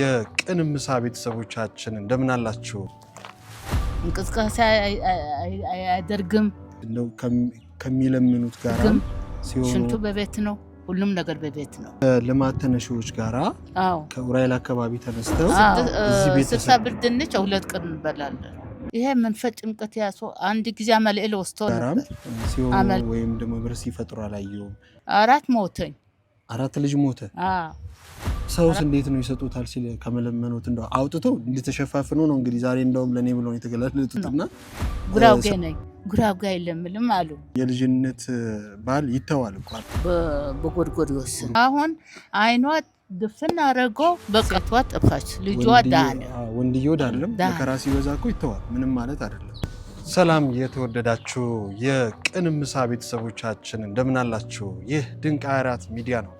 የቅን ምሳ ቤተሰቦቻችን እንደምን አላችሁ? እንቅስቃሴ አያደርግም ከሚለምኑት ጋር ሽንቱ በቤት ነው። ሁሉም ነገር በቤት ነው። ከልማት ተነሺዎች ጋራ ከኡራኤል አካባቢ ተነስተው ስልሳ ብር ድንች ሁለት ቀን እንበላለን። ይሄ መንፈጭ ጭምቀት ያሶ አንድ ጊዜ አመልኤል ወስቶ ወይም ደግሞ ብርስ ይፈጥሩ አላየሁም። አራት ሞተኝ። አራት ልጅ ሞተ ሰውስ እንዴት ነው ይሰጡታል ሲል ከመለመኑት እንደው አውጥቶ እንደተሸፋፍኑ ነው እንግዲህ ዛሬ እንደውም ለእኔ ብሎ የተገላለጡትና ጉራጌ ነኝ ጉራጌ አይለምልም አሉ። የልጅነት ባል ይተዋል በጎድጎድ ይወስን አሁን አይኗ ድፍን አረጎ በቀቷ ጠፋች። ልጇ ዳነ ወንድየው ዳለም መከራ ሲበዛ እኮ ይተዋል። ምንም ማለት አይደለም። ሰላም የተወደዳችሁ የቅን ምሳ ቤተሰቦቻችን እንደምን አላችሁ? ይህ ድንቅ አራት ሚዲያ ነው።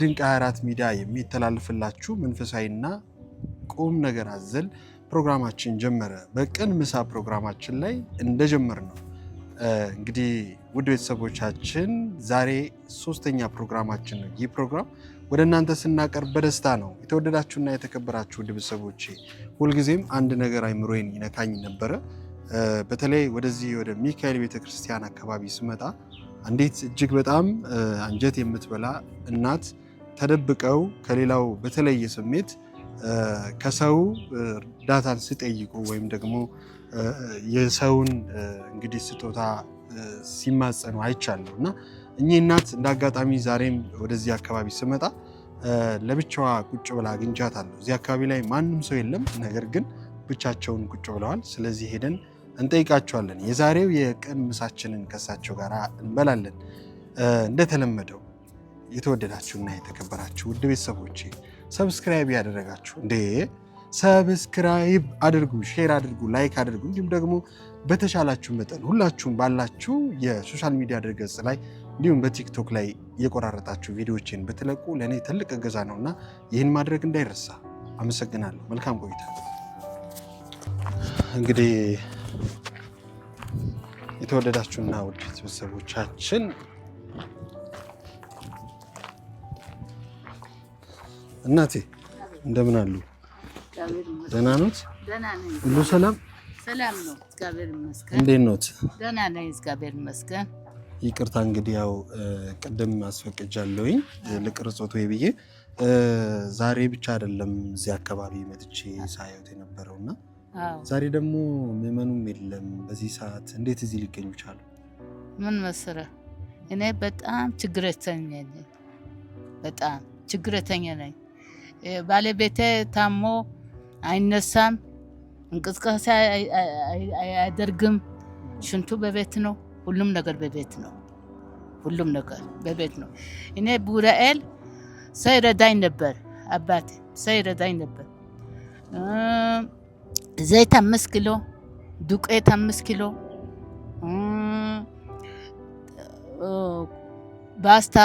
ከድንቅ 24 ሚዲያ የሚተላልፍላችሁ መንፈሳዊና ቁም ነገር አዘል ፕሮግራማችን ጀመረ። በቀን ምሳ ፕሮግራማችን ላይ እንደጀመር ነው እንግዲህ ውድ ቤተሰቦቻችን ዛሬ ሶስተኛ ፕሮግራማችን ነው። ይህ ፕሮግራም ወደ እናንተ ስናቀርብ በደስታ ነው። የተወደዳችሁና የተከበራችሁ ውድ ቤተሰቦቼ ሁልጊዜም አንድ ነገር አይምሮዬን ይነካኝ ነበረ። በተለይ ወደዚህ ወደ ሚካኤል ቤተክርስቲያን አካባቢ ስመጣ አንዲት እጅግ በጣም አንጀት የምትበላ እናት ተደብቀው ከሌላው በተለየ ስሜት ከሰው እርዳታን ሲጠይቁ ወይም ደግሞ የሰውን እንግዲህ ስጦታ ሲማጸኑ አይቻለሁ እና እኚህ እናት እንደ አጋጣሚ ዛሬም ወደዚህ አካባቢ ስመጣ ለብቻዋ ቁጭ ብላ አግኝቻታለሁ። እዚህ አካባቢ ላይ ማንም ሰው የለም፣ ነገር ግን ብቻቸውን ቁጭ ብለዋል። ስለዚህ ሄደን እንጠይቃቸዋለን። የዛሬው የቀን ምሳችንን ከሳቸው ጋር እንበላለን እንደተለመደው የተወደዳችሁና የተከበራችሁ ውድ ቤተሰቦቼ ሰብስክራይብ ያደረጋችሁ እንዴ ሰብስክራይብ አድርጉ፣ ሼር አድርጉ፣ ላይክ አድርጉ። እንዲሁም ደግሞ በተሻላችሁ መጠን ሁላችሁም ባላችሁ የሶሻል ሚዲያ ድረገጽ ላይ እንዲሁም በቲክቶክ ላይ የቆራረጣችሁ ቪዲዮዎችን ብትለቁ ለእኔ ትልቅ እገዛ ነውና ይህን ማድረግ እንዳይረሳ። አመሰግናለሁ። መልካም ቆይታ። እንግዲህ የተወደዳችሁና ውድ ቤተሰቦቻችን እናቴ እንደምን አሉ? ደህና ኖት? ሁሉ ሰላም? ሰላም ነው፣ እግዚአብሔር ይመስገን። እንዴት ደህና ነኝ፣ እግዚአብሔር ይመስገን። ይቅርታ እንግዲህ ያው ቅድም አስፈቅጃለሁኝ ልቅርጾት ወይ ብዬ ዛሬ ብቻ አይደለም እዚህ አካባቢ መጥቼ ሳየት የነበረውና ዛሬ ደግሞ ምዕመኑም የለም። በዚህ ሰዓት እንዴት እዚህ ሊገኙ ቻሉ? ምን መሰረ እኔ በጣም ችግረተኛ ነኝ፣ በጣም ችግረተኛ ነኝ። ባለቤቴ ታሞ አይነሳም፣ እንቅስቃሴ አያደርግም። ሽንቱ በቤት ነው፣ ሁሉም ነገር በቤት ነው። ሁሉም ነገር በቤት ነው። እኔ ቡራኤል ሳይረዳኝ ነበር፣ አባቴ ይረዳኝ ነበር። ዘይት አምስት ኪሎ፣ ዱቄት አምስት ኪሎ፣ ባስታ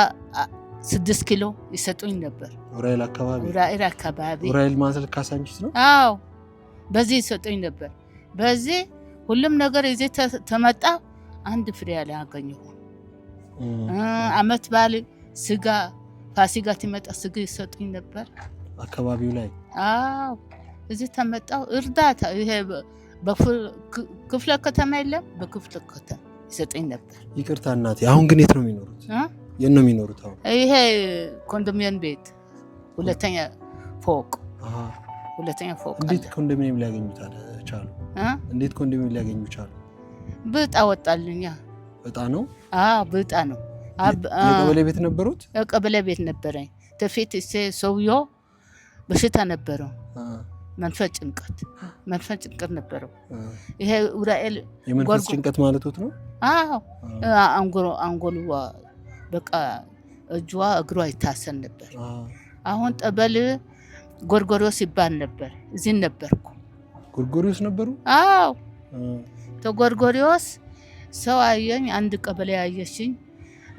ስድስት ኪሎ ይሰጡኝ ነበር። ራኤል አካባቢ ራኤል አካባቢ ዑራኤል ካሳንቺስ ነው። አዎ በዚህ ይሰጡኝ ነበር። በዚህ ሁሉም ነገር ይዜ ተመጣ። አንድ ፍሬ ያለ አገኘሁ። አመት በዓል ስጋ ፋሲካ ትመጣ ስጋ ይሰጡኝ ነበር አካባቢው ላይ። አዎ እዚህ ተመጣው እርዳታ ይሄ በክፍለ ከተማ የለም፣ በክፍለ ከተማ ይሰጠኝ ነበር። ይቅርታ እናቴ፣ አሁን ግን የት ነው የሚኖሩት? የት ነው የሚኖሩት? አሁን ይሄ ኮንዶሚኒየም ቤት ሁለተኛ ፎቅ ሁለተኛ ፎቅ። እንዴት ኮንዶሚኒየም ሊያገኙ ቻሉ? እንዴት ኮንዶሚኒየም ሊያገኙ ቻሉ? ብጣ ወጣልኛ። እጣ ነው? ብጣ ነው። የቀበሌ ቤት ነበሩት? የቀበሌ ቤት ነበረኝ። ተፊት እሴ ሰውዬው በሽታ ነበረው። መንፈስ ጭንቀት መንፈስ ጭንቀት ነበረው። ይሄ ኡራኤል የመንፈስ ጭንቀት ማለት ነው። አዎ አንጎሉዋ በቃ እጇ እግሯ ይታሰን ነበር። አሁን ጠበል ጎርጎሪዎስ ይባል ነበር። እዚህ ነበርኩ። ጎርጎሪዎስ ነበሩ? አዎ ተጎርጎሪዎስ ሰው አየኝ። አንድ ቀበሌ አየችኝ።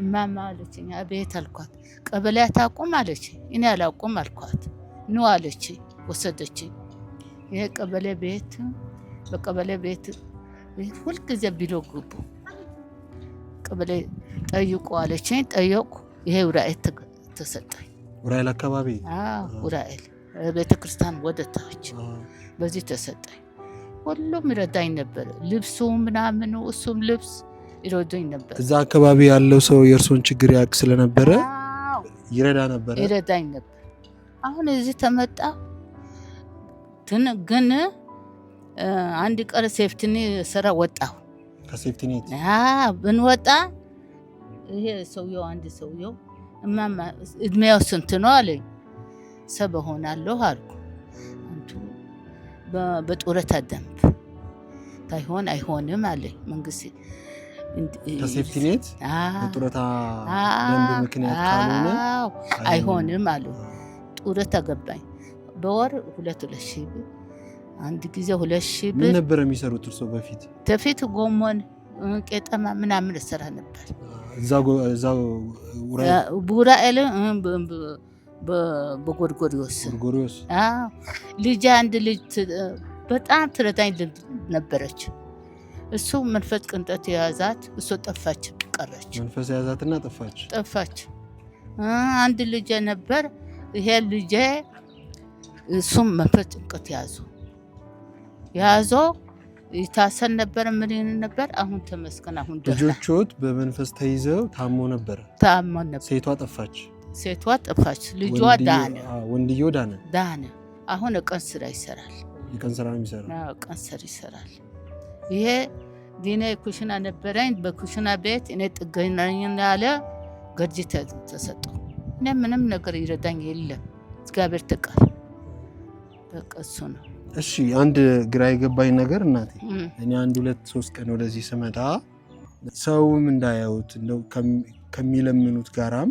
እማማ አለችኝ። አቤት አልኳት። ቀበሌ አታውቁም አለችኝ። እኔ አላውቁም አልኳት። ኑ አለችኝ። ወሰደችኝ። ይሄ ቀበሌ ቤት በቀበሌ ቤት ሁልጊዜ ቢሎ ግቡ ብለ ጠይቁ አለችኝ። ጠየቁ። ይሄ ውራኤል ተሰጠኝ። ውራኤል አካባቢ ውራኤል ቤተክርስቲያን ወደ ታች በዚህ ተሰጠኝ። ሁሉም ይረዳኝ ነበር። ልብሱ ምናምኑ እሱም ልብስ ይረዱኝ ነበር። እዛ አካባቢ ያለው ሰው የእርሶን ችግር ያውቅ ስለነበረ ይረዳ ነበር፣ ይረዳኝ ነበር። አሁን እዚህ ተመጣ ግን አንድ ቀን ሴፍትኒ ስራ ወጣሁ። ከሴፍቲኔት ብንወጣ ይሄ ሰውየው አንድ ሰውየው እማማ እድሜያው ስንት ነው አለኝ። ሰባ እሆናለሁ አልኩ። በጡረታ ደንብ ታይሆን አይሆንም አለኝ መንግስት ከሴፍቲኔት በጡረታ ምክንያት ካልሆነ አይሆንም አሉ። ጡረታ ገባኝ በወር ሁለት ሁለት ሺህ አንድ ጊዜ ሁለት ሺህ ብር ነበር የሚሰሩት። እርሶ በፊት ተፊት ጎመን፣ ቄጠማ ምናምን እሰራ ነበር እዛው ቡራኤል በጎርጎሪዎስ ልጅ አንድ ልጅ በጣም ትረዳኝ ነበረች። እሱ መንፈስ ቅንጠት የያዛት እሱ ጠፋች ቀረች። መንፈስ የያዛትና ጠፋች ጠፋች። አንድ ልጄ ነበር። ይሄ ልጄ እሱም መንፈስ ጭንቀት ያዙ ያዞ ይታሰን ነበር። ምን ነበር? አሁን ተመስገን። አሁን ልጆቹት በመንፈስ ተይዘው ታሞ ነበር። ታሞ ነበር። ሴቷ ጠፋች። ሴቷ ጠፋች። ልጇ ዳነ። ወንድዮ ዳነ። ዳነ። አሁን ቀን ስራ ይሰራል። የቀን ስራ ይሰራል፣ አዎ፣ ቀን ስራ ይሰራል። ይሄ ዲኔ ኩሽና ነበረኝ። በኩሽና ቤት እኔ ጥገኝ ያለ ገርጂ ተሰጠ። እኔ ምንም ነገር ይረዳኝ የለም። እግዚአብሔር ትቃል። በቃ እሱ ነው እሺ አንድ ግራ የገባኝ ነገር እናቴ፣ እኔ አንድ ሁለት ሶስት ቀን ወደዚህ ስመጣ ሰውም እንዳያዩት እንደው ከሚለምኑት ጋራም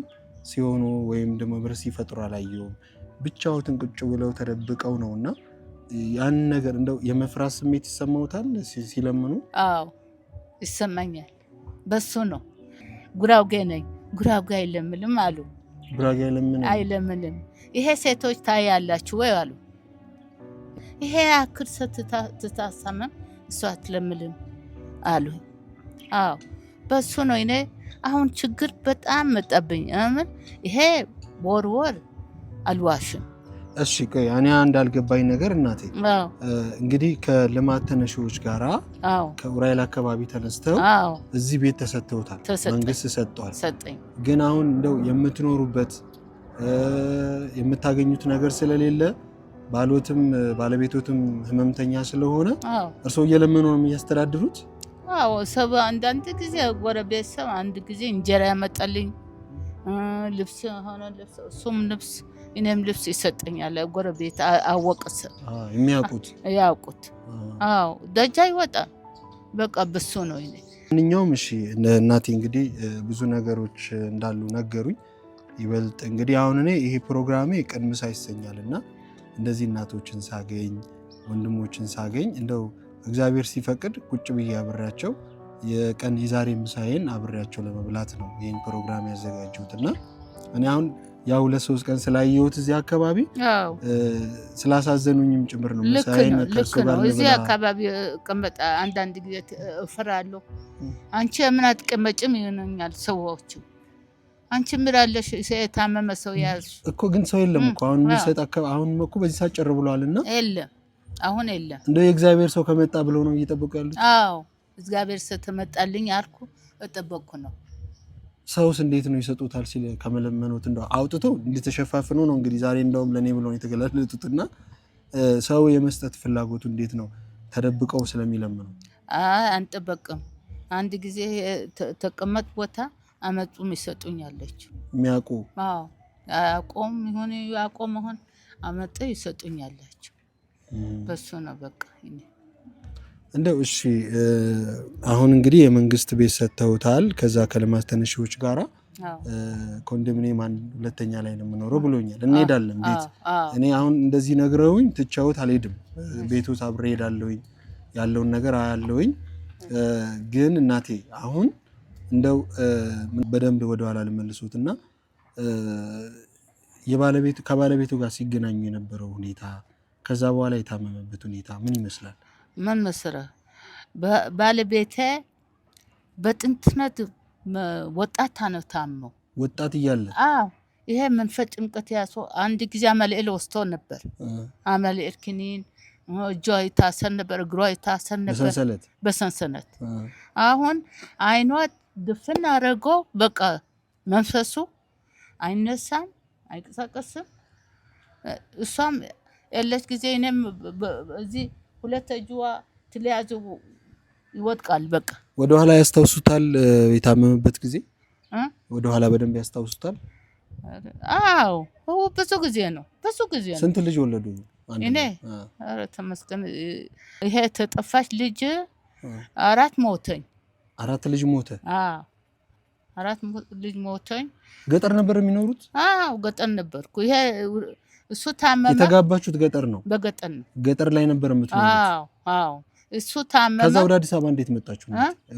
ሲሆኑ ወይም ደግሞ ብር ሲፈጥሩ አላየውም። ብቻዎትን ቁጭ ብለው ተደብቀው ነው እና ያን ነገር እንደው የመፍራት ስሜት ይሰማውታል ሲለምኑ? አዎ ይሰማኛል። በሱ ነው ጉራጌ ነኝ ጉራጌ አይለምልም አሉ። ጉራጌ አይለምንም አይለምንም። ይሄ ሴቶች ታያላችሁ ወይ አሉ ይሄ ያክል ሰው ትታሳመም እሷ አትለምልም አሉ። አዎ በሱ ነው እኔ አሁን ችግር በጣም መጣብኝ። ምን ይሄ ወር ወር አልዋሽም። እሺ ቆይ እኔ አንድ አልገባኝ ነገር እናቴ፣ እንግዲህ ከልማት ተነሺዎች ጋራ ከኡራኤል አካባቢ ተነስተው እዚህ ቤት ተሰጥተውታል፣ መንግስት ሰጥቷል። ግን አሁን እንደው የምትኖሩበት የምታገኙት ነገር ስለሌለ ባሎትም ባለቤቶትም ህመምተኛ ስለሆነ እርስዎ እየለመኑ ነው የሚያስተዳድሩት? አዎ ሰብ አንዳንድ ጊዜ ጎረቤት ሰብ አንድ ጊዜ እንጀራ ያመጣልኝ ልብስ ሆነ ልብስ እሱም ልብስ እኔም ልብስ ይሰጠኛል። ጎረቤት አወቀሰ የሚያውቁት ያውቁት። አዎ ደጃ ይወጣ በቃ ብሱ ነው ይ ማንኛውም። እሺ እናቴ እንግዲህ ብዙ ነገሮች እንዳሉ ነገሩኝ። ይበልጥ እንግዲህ አሁን እኔ ይሄ ፕሮግራሜ ቅድምሳ ይሰኛል እና እንደዚህ እናቶችን ሳገኝ ወንድሞችን ሳገኝ እንደው እግዚአብሔር ሲፈቅድ ቁጭ ብዬ አብሬያቸው የቀን የዛሬ ምሳዬን አብሬያቸው ለመብላት ነው ይህን ፕሮግራም ያዘጋጁት እና እኔ አሁን ሁለት ሶስት ቀን ስላየሁት እዚህ አካባቢ ስላሳዘኑኝም ጭምር ነው። ልክ ነው። እዚህ አካባቢ እቀመጣ አንዳንድ ጊዜ ፍራለሁ። አንቺ ምን አትቀመጭም ይሆነኛል ሰዎችም አንቺ ምላለሽ የታመመ ሰው ያዝ እኮ ግን ሰው የለም እኮ አሁን የሚሰጥ አካባቢ አሁን እኮ በዚህ ሰዓት ጭር ብለዋል እና የለም አሁን የለም እንደ የእግዚአብሔር ሰው ከመጣ ብለው ነው እየጠበቁ ያሉት አዎ እግዚአብሔር ሰው ተመጣልኝ አልኩ እጠበቅኩ ነው ሰውስ እንዴት ነው ይሰጡታል ሲል ከመለመኑት እንደው አውጥቶ እንዲተሸፋፍኑ ነው እንግዲህ ዛሬ እንደውም ለእኔ ብለው የተገላለጡት እና ሰው የመስጠት ፍላጎቱ እንዴት ነው ተደብቀው ስለሚለምኑ አንጠበቅም አንድ ጊዜ ተቀመጥ ቦታ አመጡም ይሰጡኛለች አለችው። የሚያውቁ አቆም ይሁን አቆም መሆን አመጠ ይሰጡኝ በሱ ነው በቃ እንደው እሺ። አሁን እንግዲህ የመንግስት ቤት ሰጥተውታል። ከዛ ከልማት ተነሺዎች ጋራ ኮንዶሚኒየም አንድ ሁለተኛ ላይ ነው የምኖረው ብሎኛል። እንሄዳለን ቤት እኔ አሁን እንደዚህ ነግረውኝ ትቻውት አልሄድም። ቤቱ አብሬ ሄዳለሁኝ ያለውን ነገር አያለውኝ። ግን እናቴ አሁን እንደው በደንብ ወደኋላ ልመልሶት እና ከባለቤቱ ጋር ሲገናኙ የነበረው ሁኔታ ከዛ በኋላ የታመመበት ሁኔታ ምን ይመስላል? ምን መሰለህ ባለቤቴ በጥንትነት ወጣት ነው ታመው ወጣት እያለ አዎ ይሄ መንፈስ ጭምቀት ያሶ አንድ ጊዜ አመልኤል ወስቶ ነበር። አመልኤል ክኒን እጇ ይታሰን ነበር፣ እግሯ ይታሰን ነበር በሰንሰለት። አሁን አይኗት ድፍን አድርጎ በቃ መንፈሱ አይነሳም፣ አይንቀሳቀስም። እሷም ያለች ጊዜ እኔም እዚህ ሁለት እጅዋ ትለያዙ ይወድቃል። በቃ ወደኋላ ያስታውሱታል። የታመመበት ጊዜ ወደኋላ በደንብ ያስታውሱታል። አዎ ብዙ ጊዜ ነው፣ ብዙ ጊዜ ነው። ስንት ልጅ ወለዱ? እኔ ኧረ ተመስገን። ይሄ ተጠፋች ልጅ አራት ሞተኝ አራት ልጅ ሞተ። አራት ልጅ ሞተኝ። ገጠር ነበር የሚኖሩት? አዎ ገጠር ነበርኩ። ይሄ እሱ ታመመ። የተጋባችሁት ገጠር ነው? በገጠር ነው። ገጠር ላይ ነበር የምትኖሩት? አዎ አዎ። እሱ ታመመ። ከዛ ወደ አዲስ አበባ እንዴት መጣችሁ?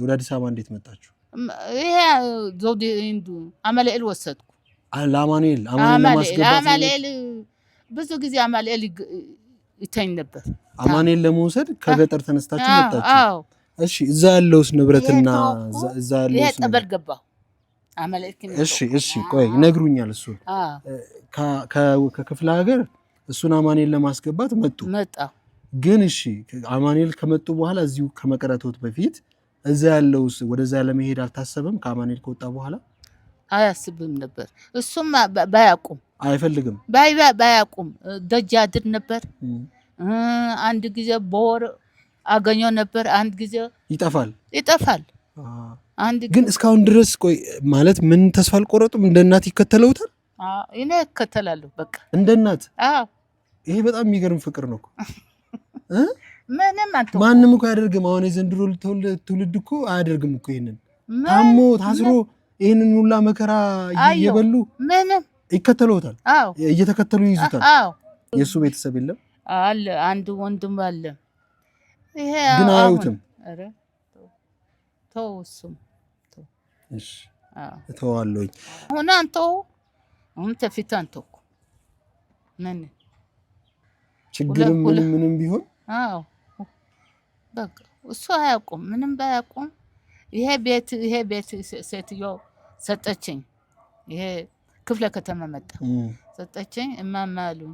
ወደ አዲስ አበባ እንዴት መጣችሁ? ይሄ ዘውዴ እንዱ አማኑኤል ወሰድኩ። ለአማኑኤል አማኑኤል ብዙ ጊዜ አማኑኤል ይተኝ ነበር። አማኑኤል ለመውሰድ ከገጠር ተነስታችሁ መጣችሁ? አዎ እሺ እዛ ያለውስ ንብረትና እዛ ያለውስ ጠበል ገባ። እሺ እሺ፣ ቆይ ይነግሩኛል። እሱ ከክፍለ ሀገር እሱን አማኔል ለማስገባት መጡ መጣ። ግን እሺ አማኔል ከመጡ በኋላ እዚሁ ከመቅረቶት በፊት እዛ ያለውስ ወደዛ ለመሄድ አልታሰበም? ከአማኔል ከወጣ በኋላ አያስብም ነበር። እሱም ባያቁም አይፈልግም ባያቁም ደጃ አድር ነበር አንድ ጊዜ በወር አገኘው ነበር። አንድ ጊዜ ይጠፋል ይጠፋል። አንድ ግን እስካሁን ድረስ ቆይ ማለት ምን ተስፋ አልቆረጡም? እንደ እናት ይከተለውታል። እኔ እከተላለሁ በቃ እንደ እናት። ይሄ በጣም የሚገርም ፍቅር ነው። ምንም ማንም እኮ አያደርግም። አሁን የዘንድሮ ትውልድ እኮ አያደርግም እኮ ይህንን ታሞ ታስሮ ይህንን ሁላ መከራ እየበሉ ምንም ይከተለውታል። እየተከተሉ ይይዙታል። የእሱ ቤተሰብ የለም አለ። አንድ ወንድም አለ ግን አያዩትም። ተው እሱም አሁን አሁን ተፊት እኮ ምን ችግርም ምንም ምንም ቢሆን አዎ በቃ እሱ አያውቁም። ምንም ባያውቁም ይሄ ቤት ይሄ ቤት ሴትዮ ሰጠችኝ። ይሄ ክፍለ ከተማ መጣ ሰጠችኝ። እማማ አሉኝ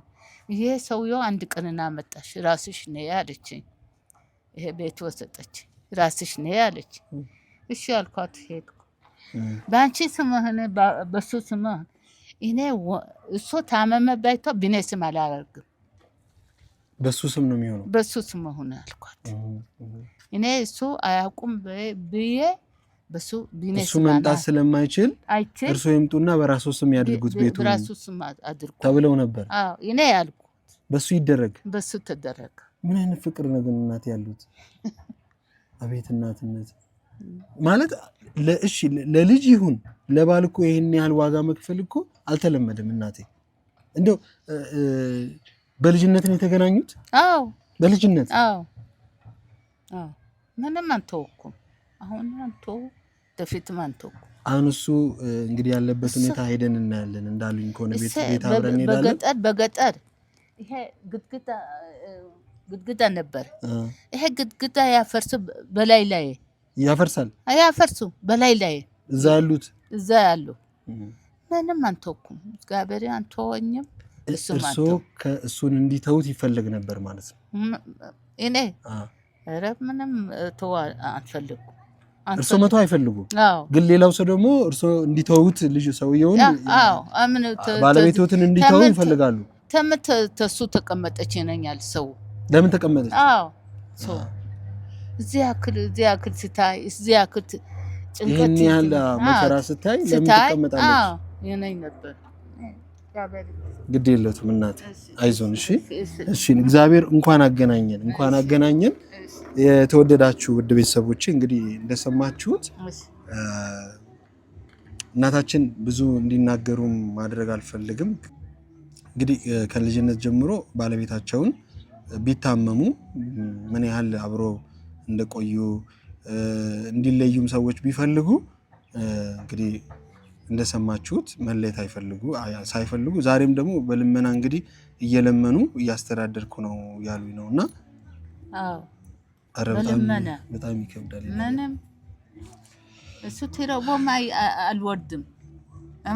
ይሄ ሰውዬው አንድ ቀንና መጣሽ ራስሽ ነይ አለችኝ። ይሄ ቤት ወሰጠች ራስሽ ነ አለች። እሺ አልኳት ሄድኩ። በአንቺ ስምህን በሱ ስምህን እኔ እሱ ታመመ ባይቶ ብኔ ስም አላደርግም በሱ ስም ነው የሚሆነው። በሱ ስም ሆነ አልኳት። እኔ እሱ አያውቁም ብዬ በሱ ቢኔ እሱ መምጣት ስለማይችል እርሶ ይምጡና በራሱ ስም ያድርጉት ቤቱ በራሱ ስም አድርጉ ተብለው ነበር። አዎ እኔ ያልኩት በሱ ይደረግ በሱ ተደረገ። ምን አይነት ፍቅር ነው ግን እናት ያሉት? አቤት እናትነት ማለት እሺ፣ ለልጅ ይሁን ለባል እኮ ይህን ያህል ዋጋ መክፈል እኮ አልተለመደም። እናቴ እንደው በልጅነት ነው የተገናኙት? አዎ በልጅነት አዎ። ምንም አንተወኩም፣ አሁን አንተ በፊትም አንተወኩም። አሁን እሱ እንግዲህ ያለበት ሁኔታ ሄደን እናያለን። እንዳሉኝ ከሆነ ቤት ቤት አብረን እንሄዳለን። በገጠር በገጠር ይሄ ግድግዳ ግድግዳ ነበር። ይሄ ግድግዳ ያፈርሱ በላይ ላይ ያፈርሳል። ያፈርሱ በላይ ላይ እዛ ያሉት እዛ ያሉ ምንም አንተኩም። እግዚአብሔር አንተወኝም። እርሶ ከእሱን እንዲተውት ይፈለግ ነበር ማለት ነው። እኔ ኧረ ምንም ተው አንፈልጉ እርሶ መቶ አይፈልጉ፣ ግን ሌላው ሰው ደግሞ እርሶ እንዲተውት ልጅ ሰውየውን ባለቤቶትን እንዲተው ይፈልጋሉ። ተምት ተሱ ተቀመጠች ይነኛል ሰው ለምን ተቀመጠች? አዎ እዚህ ያክል እዚህ ያክል ስታይ እዚህ ያክል ጭንቀት መከራ ስታይ ለምን የነኝ ነበር። ግድ የለቱም አይዞን። እሺ እሺ። እግዚአብሔር እንኳን አገናኘን፣ እንኳን አገናኘን። የተወደዳችሁ ውድ ቤተሰቦቼ እንግዲህ እንደሰማችሁት እናታችን ብዙ እንዲናገሩም ማድረግ አልፈልግም። እንግዲህ ከልጅነት ጀምሮ ባለቤታቸውን ቢታመሙ ምን ያህል አብሮ እንደቆዩ እንዲለዩም ሰዎች ቢፈልጉ እንግዲህ እንደሰማችሁት መለየት አይፈልጉ ሳይፈልጉ ዛሬም ደግሞ በልመና እንግዲህ እየለመኑ እያስተዳደርኩ ነው ያሉ ነው እና በጣም ይከብዳል። ምንም እሱ ትረቦም አልወድም።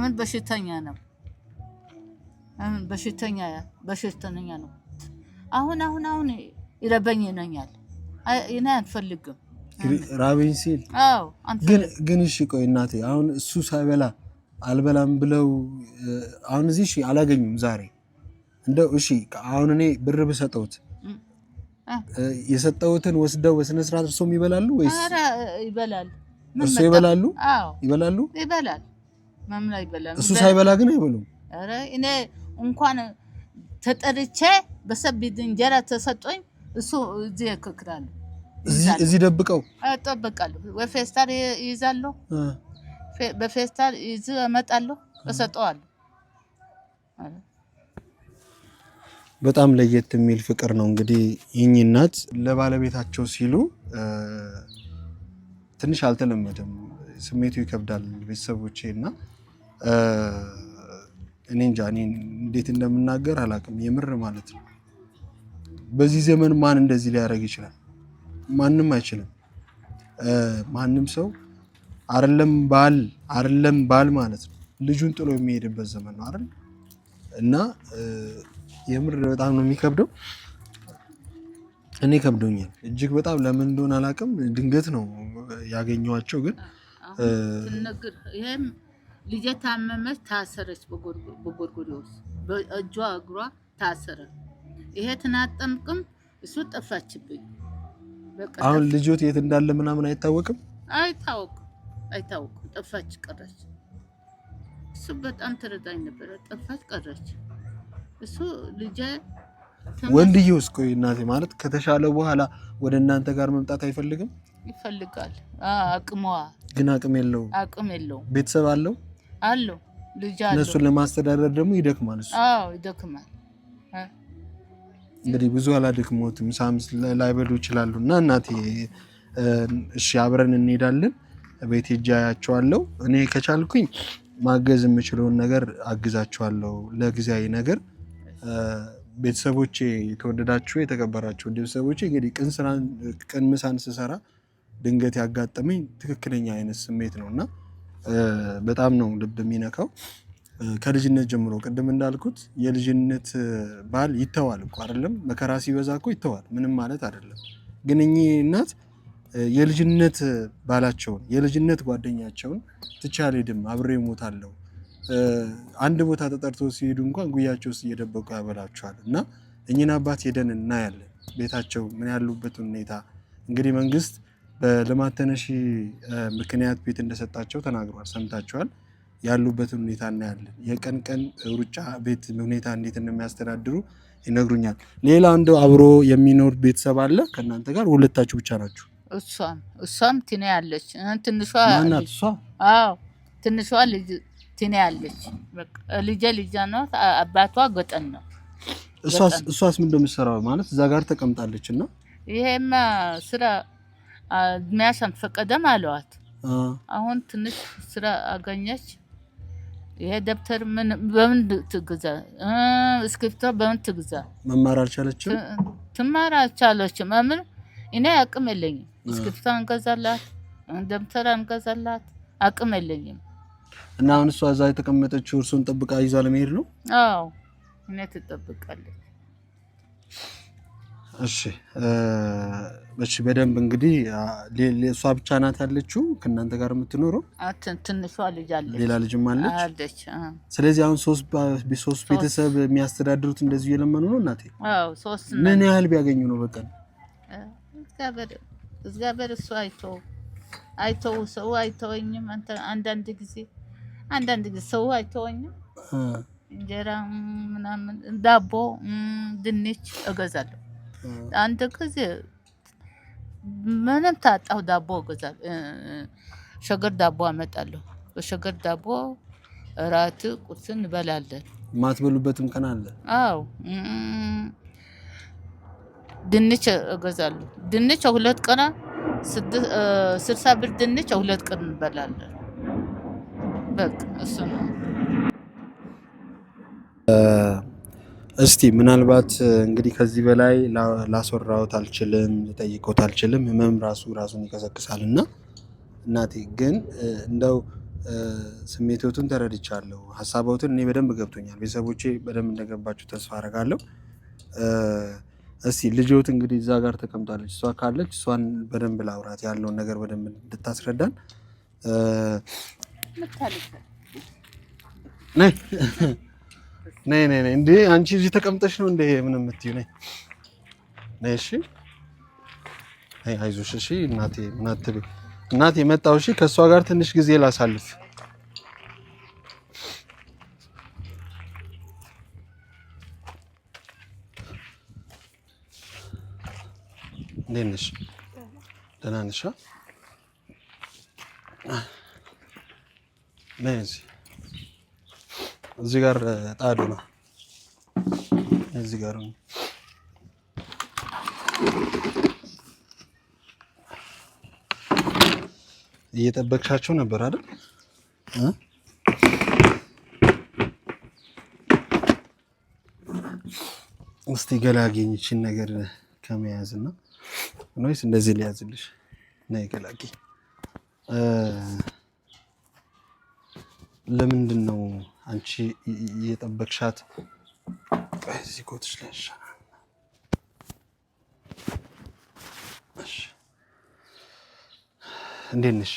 ምን በሽተኛ ነው፣ በሽተኛ በሽተኛ ነው። አሁን አሁን አሁን ይረበኝ ይነኛል ይና አንፈልግም ራበኝ ሲል ግን ግን እሺ ቆይ እናቴ አሁን እሱ ሳይበላ አልበላም ብለው አሁን እዚህ እሺ አላገኙም ዛሬ እንደው እሺ አሁን እኔ ብር ብሰጠውት የሰጠውትን ወስደው በስነ ስርዓት እርሶም ይበላሉ ወይስ ይበላል እርሶ ይበላሉ ይበላሉ ይበላል እሱ ሳይበላ ግን አይበሉም እኔ እንኳን ተጠርቼ በሰቢድ እንጀራ ተሰጦኝ እሱ እዚህ እከክራለሁ። እዚህ ደብቀው እጠብቃለሁ። ወይ ፌስታል ይይዛለሁ፣ በፌስታል ይዝ እመጣለሁ፣ እሰጠዋለሁ። በጣም ለየት የሚል ፍቅር ነው። እንግዲህ ይህኝ እናት ለባለቤታቸው ሲሉ ትንሽ አልተለመደም፣ ስሜቱ ይከብዳል። ቤተሰቦቼ እና እኔ እንጃ እኔ እንዴት እንደምናገር አላውቅም፣ የምር ማለት ነው። በዚህ ዘመን ማን እንደዚህ ሊያደርግ ይችላል? ማንም አይችልም። ማንም ሰው አይደለም ባል አይደለም ባል ማለት ነው ልጁን ጥሎ የሚሄድበት ዘመን ነው አይደል? እና የምር በጣም ነው የሚከብደው። እኔ ከብዶኛል እጅግ በጣም ለምን እንደሆነ አላውቅም። ድንገት ነው ያገኘኋቸው። ግን ልጄ ታመመች፣ ታሰረች፣ በጎርጎዴዎስ በእጇ እግሯ ታሰረ። ይሄ ትናጠምቅም እሱ ጠፋችብኝ። አሁን ልጆት የት እንዳለ ምናምን አይታወቅም፣ አይታወቅም፣ አይታወቅም። ጠፋች ቀረች። እሱ በጣም ትረዳኝ ነበረ። ጠፋች ቀረች። እሱ ልጄ ወንድዬው እስኮ እናቴ ማለት ከተሻለ በኋላ ወደ እናንተ ጋር መምጣት አይፈልግም። ይፈልጋል፣ አቅሟ ግን አቅም የለውም። አቅም የለውም። ቤተሰብ አለው አለው፣ ልጅ አለው። እነሱን ለማስተዳደር ደግሞ ይደክማል። አዎ ይደክማል። እንግዲህ ብዙ አላደክሞት ምሳም ላይበሉ ይችላሉ እና እናቴ እሺ አብረን እንሄዳለን። ቤት ሄጄ አያቸዋለሁ። እኔ ከቻልኩኝ ማገዝ የምችለውን ነገር አግዛቸዋለሁ። ለጊዜያዊ ነገር ቤተሰቦቼ፣ የተወደዳችሁ የተከበራችሁ ቤተሰቦቼ እንግዲህ ቅን ምሳን ስሰራ ድንገት ያጋጠመኝ ትክክለኛ አይነት ስሜት ነው እና በጣም ነው ልብ የሚነካው። ከልጅነት ጀምሮ ቅድም እንዳልኩት የልጅነት ባል ይተዋል እኮ አይደለም፣ መከራ ሲበዛ እኮ ይተዋል፣ ምንም ማለት አይደለም። ግን እኚህ እናት የልጅነት ባላቸውን የልጅነት ጓደኛቸውን ትቻል ሄድም አብሬ እሞታለሁ አንድ ቦታ ተጠርቶ ሲሄዱ እንኳን ጉያቸው ውስጥ እየደበቁ ያበላቸዋል። እና እኚህን አባት ሄደን እናያለን ቤታቸው ምን ያሉበት ሁኔታ። እንግዲህ መንግስት በልማት ተነሺ ምክንያት ቤት እንደሰጣቸው ተናግሯል፣ ሰምታችኋል። ያሉበትን ሁኔታ እናያለን። የቀን ቀን ሩጫ ቤት ሁኔታ እንዴት እንደሚያስተዳድሩ ይነግሩኛል። ሌላ አንዱ አብሮ የሚኖር ቤተሰብ አለ ከእናንተ ጋር ሁለታችሁ ብቻ ናችሁ? እሷም እሷም ቲኔ ያለች ትንሿ እሷ ትንሿ ልጅ ያለች ልጄ ልጃ ናት። አባቷ ገጠን ነው። እሷስ ምን እንደምትሰራው ማለት እዛ ጋር ተቀምጣለች እና ይሄማ ስራ ሚያሻን አለዋት። አሁን ትንሽ ስራ አገኘች። ይሄ ደብተር ምን በምን ትግዛ? እስክሪፕቶ በምን ትግዛ? መማር አልቻለችም። ትማር አልቻለችም። ምን እኔ አቅም የለኝም። እስክሪፕቶ አንገዛላት፣ ደብተር አንገዛላት፣ አቅም የለኝም። እና አሁን እሷ እዛ የተቀመጠችው እርሱን ጠብቃ ይዛ ለመሄድ ነው። አዎ እኔ ትጠብቃለች። እሺ እሺ፣ በደንብ እንግዲህ እሷ ብቻ ናት ያለችው ከእናንተ ጋር የምትኖረው? ትንሿ ልጅ አለች፣ ሌላ ልጅም አለች። ስለዚህ አሁን ሶስት ቤተሰብ የሚያስተዳድሩት እንደዚሁ እየለመኑ ነው። እናቴ ምን ያህል ቢያገኙ ነው በቀን? እግዚአብሔር እሱ አይተው አይተው ሰው አይተወኝም። አንዳንድ ጊዜ አንዳንድ ጊዜ ሰው አይተወኝም። እንጀራ ምናምን ዳቦ ድንች እገዛለሁ አንድ ጊዜ ምንም ታጣሁ ዳቦ እገዛለሁ። ሸገር ዳቦ አመጣለሁ። በሸገር ዳቦ እራት ቁርስን እንበላለን። ማትበሉበትም ቀን አለ። አዎ ድንች እገዛለሁ። ድንች ሁለት ቀን ስልሳ ብር ድንች ሁለት ቀን እንበላለን። በቃ እሱ ነው። እስቲ ምናልባት እንግዲህ ከዚህ በላይ ላስወራውት አልችልም፣ ልጠይቆት አልችልም። ህመም ራሱ ራሱን ይቀሰቅሳል እና እናቴ ግን እንደው ስሜቶቱን ተረድቻለሁ፣ ሀሳቦትን እኔ በደንብ ገብቶኛል። ቤተሰቦቼ በደንብ እንደገባችሁ ተስፋ አደርጋለሁ። እስቲ ልጆት እንግዲህ እዛ ጋር ተቀምጣለች፣ እሷ ካለች እሷን በደንብ ላውራት፣ ያለውን ነገር በደንብ እንድታስረዳን ነይ ነይ ነይ እንዴ! አንቺ እዚህ ተቀምጠሽ ነው እንደ ምን የምትይው? ነይ ነይ። እሺ አይ አይዞሽ። እሺ እናቴ፣ ምን አትበይ እናቴ። መጣሁ። እሺ ከእሷ ጋር ትንሽ ጊዜ ላሳልፍ። እንዴት ነሽ? ደህና ነሽ? ነይ እዚህ እዚህ ጋር ጣዱ ነው። እዚህ ጋር እየጠበቅሻቸው ነበር አይደል? እስቲ ገላገኝ ይችን ነገር ከመያዝና እና ወይስ እንደዚህ ሊያዝልሽ ነው። ገላገኝ ለምንድን ነው አንቺ እየጠበቅሻት እዚህ ጎትሽ ላይ እንዴት ነሽ?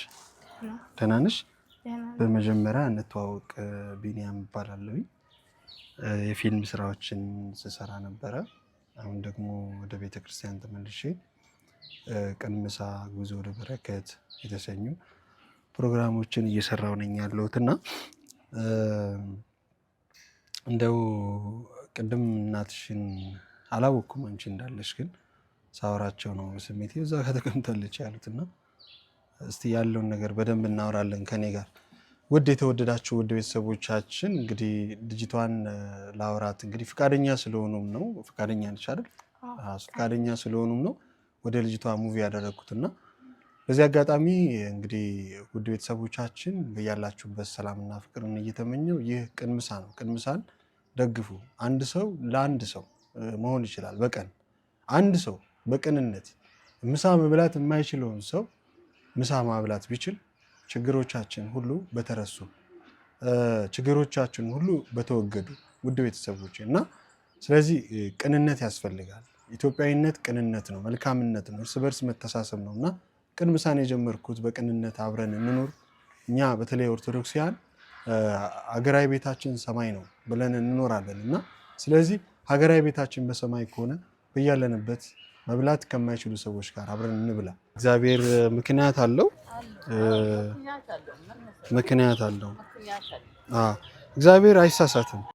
ደህና ነሽ? በመጀመሪያ እንተዋወቅ። ቢኒያም እባላለሁኝ። የፊልም ስራዎችን ስሰራ ነበረ። አሁን ደግሞ ወደ ቤተክርስቲያን ክርስቲያን ተመልሼ ቅንምሳ ጉዞ ወደ በረከት የተሰኙ ፕሮግራሞችን እየሰራው ነኝ ያለሁት እና እንደው ቅድም እናትሽን አላወቅኩም አንቺ እንዳለሽ ግን ሳወራቸው ነው ስሜት እዛ ከተቀምጣለች ያሉት እና እስቲ ያለውን ነገር በደንብ እናወራለን ከኔ ጋር ውድ የተወደዳችሁ ውድ ቤተሰቦቻችን እንግዲህ ልጅቷን ላውራት እንግዲህ ፈቃደኛ ስለሆኑም ነው ፍቃደኛ ነች አይደል ፍቃደኛ ስለሆኑም ነው ወደ ልጅቷ ሙቪ ያደረግኩትና በዚህ አጋጣሚ እንግዲህ ውድ ቤተሰቦቻችን ያላችሁበት ሰላምና ፍቅርን እየተመኘው ይህ ቅንምሳ ነው። ቅንምሳን ደግፉ። አንድ ሰው ለአንድ ሰው መሆን ይችላል። በቀን አንድ ሰው በቅንነት ምሳ መብላት የማይችለውን ሰው ምሳ ማብላት ቢችል ችግሮቻችን ሁሉ በተረሱ ችግሮቻችን ሁሉ በተወገዱ ውድ ቤተሰቦች እና ስለዚህ ቅንነት ያስፈልጋል። ኢትዮጵያዊነት ቅንነት ነው፣ መልካምነት ነው፣ እርስ በርስ መተሳሰብ ነው እና ቅድም ሳን የጀመርኩት በቅንነት አብረን እንኖር እኛ በተለይ ኦርቶዶክሲያን ሀገራዊ ቤታችን ሰማይ ነው ብለን እንኖራለን እና ስለዚህ ሀገራዊ ቤታችን በሰማይ ከሆነ በያለንበት መብላት ከማይችሉ ሰዎች ጋር አብረን እንብላ። እግዚአብሔር ምክንያት አለው፣ ምክንያት አለው። እግዚአብሔር አይሳሳትም።